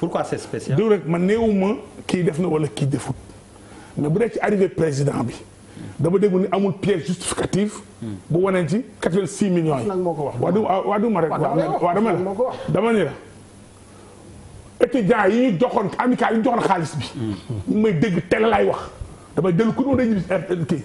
pourquoi c'est spécial. rek man néewuma kii def na wala kii defut bu dee ci arrivé président bi. dama dégg ni amul pièce justificative. bu waneen ci 86 millions yi. moo ko wax waaw du ma rek. waaw dama ne dama ne la. étudiants yi ñu joxoon amical yi ñu joxoon xaalis bi. ñu may dégg télé laay wax damay dellu ku ñu woon dañuy kii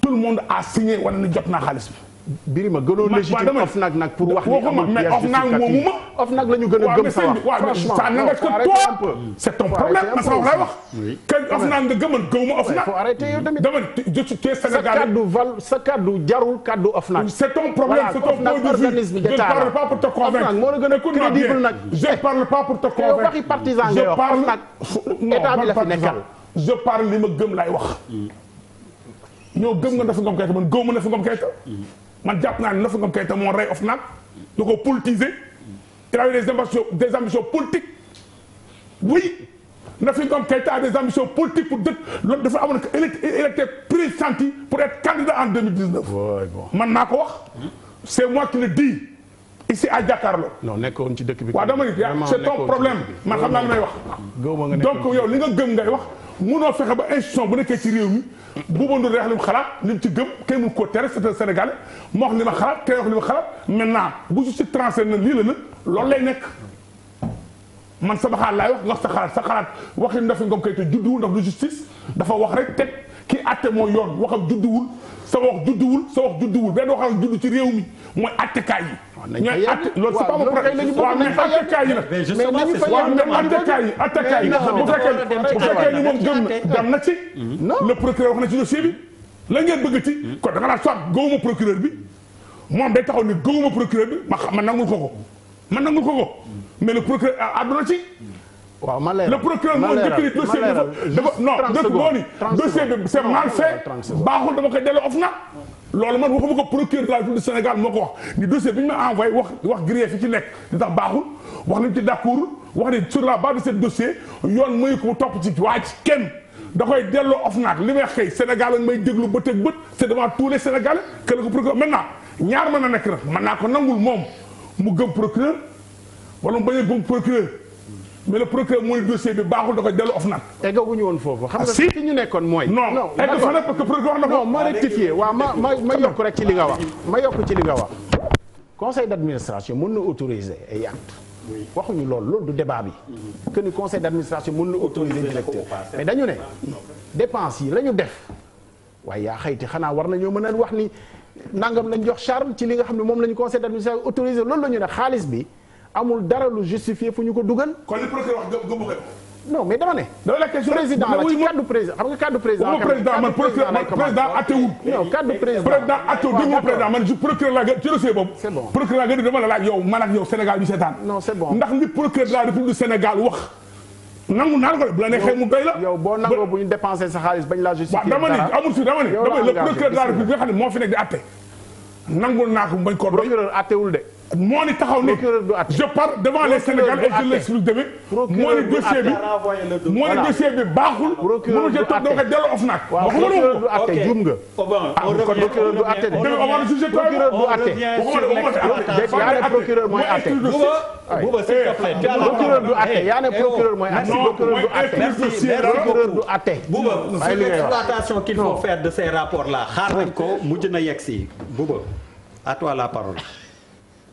tout le monde a signé wane ni jot naa xaalis bi. Birima gënoon légitime OFNAC nag pour wax ni amul pièce justificative OFNAC la ñu gën a gëm sa wax ça n'engage que toi c'est ton problème ma sama lay wax que OFNAC nga gëman gëwuma OFNAC faut arrêter yow tamit dama tu es Sénégal sa kaddu val sa kaddu jarul kaddu OFNAC c'est ton problème c'est ton point de vue je parle pas pour te convaincre moo la gën a crédible nag je parle pas pour te convaincre waxi partisan nga wax OFNAC état bi la fi nekkal je parle li ma gëm lay wax ñoo mm. gëm nga Nafi Ngom Keïta man gëw ma Nafi Ngom Keïta man jàpp naa ne Nafi Ngom Keïta moo rey OFNAC da ko politiser il avait des ambitions des ambitions politiques oui Nafi Ngom Keïta a des ambitions politiques pour dë loolu dafa amoon que il était pressenti pour être candidat en 2019 man naa ko wax c'est moi qui le dis ici à Jakaarlo. nekk nekkoon ci dëkk bi. waaw dama ni c'est ton problème man xam naa li may wax. donc yow li nga gëm ngay wax munoo fexe ba institution bu nekkee ci réew mi. Bouba Ndour wax li mu xalaat li mu ci gëm kenn mu ko tere c'est moo wax li ma xalaat kenn wax li ma xalaat maintenant bu su si transfert na lii la nag loolu lay nekk man sama xalaat laay wax nga wax sa xalaat sa xalaat waxi Ndofane Ngom Keïta juddu ndax du justice dafa wax rek teg. ki atte mooy yoon waxam judduwul sa wax judduwul sa wax judduwul benn waxam juddu ci réew mi mooy attekaay yi. ñooy atte loolu c'est pas mon problème waaw mais attekaay yi nag. mais attekaay yi attekaay yi bu fekkee bu fekkee ni moom hmm. wax na ci dossier bi. la ngeen bëgg ci. Hmm. kon da nga naan soit procureur bi moom day taxaw ni gëwuma procureur bi ma nangul ko ko ma nangul ko ko hmm. mais le procureur àdduna ci. waaw ma le procureur moo njëkk dossier dafa dossier bi c'est mal fait baaxul dama koy delloo of na loolu man ko procureur de la République du Sénégal moo wax wax wax grief yi ci nekk di tax baaxul wax wax ne sur la base de ce dossier yoon mayu ko topp ci waa ci kenn da koy delloo of naag li may xëy Sénégal ak may déglu bët ak bët c'est devant tous les Sénégalais que la ko procureur maintenant ñaar mën na nekk naa ko nangul moom mu gëm procureur wala mu bañ a procureur mais le procureur mu ne dossier bi baaxul da ah, koy ñu nekkoon mooy. non que procureur wax na ma rectifié waaw li nga wax ma yokk ci mën na autoriser waxuñu loolu loolu du débat bi. que ni conseil d'administration mën na autoriser directeur mais dañu ne dépense yi la ñu def waaye yaa xayti xanaa war ñoo mën a wax ni nangam lañ jox charme ci li nga xam ne moom lañu conseil d'administration autorisé loolu la ñu ne xaalis bi. amul dara lu justifié fu ñu ko dugal. kon li procureur wax gëm gëmu ko. non mais dama ne. dama la question président la ci cadre président xam nga cadre président. xam nga président man procureur président atewul. non cadre président président atewul déglu président c'est bon procureur laa gën dama la de Sénégal wax. nangu naan ko de bu la neexee mu doy la. yow boo nangoo bu ñu dépensé sa xaalis bañ laa justifié dara waaw dama ni amul si dama ni. de la moo fi nekk di atte nangul naa ko bañ ko doy procureur de moo ni taxaw ne je parle devant les Sénégalais et je l'explique demain moo ni dossier bi moo ni dossier bi baaxul. procureur du àtte mënu jël toog nag. waaw procureur du àtte juum nga. ah kon procureur du àtte de. procureur du àtte. yaa ne procureur mooy àtte. procureur du àtte yaa ne procureur mooy àtte. procureur du àtte procureur du àtte. Bouba c'est l'exploitation qu'il faut faire de ces rapports là xaar nañ ko mujj na yegg si Bouba à toi la parole.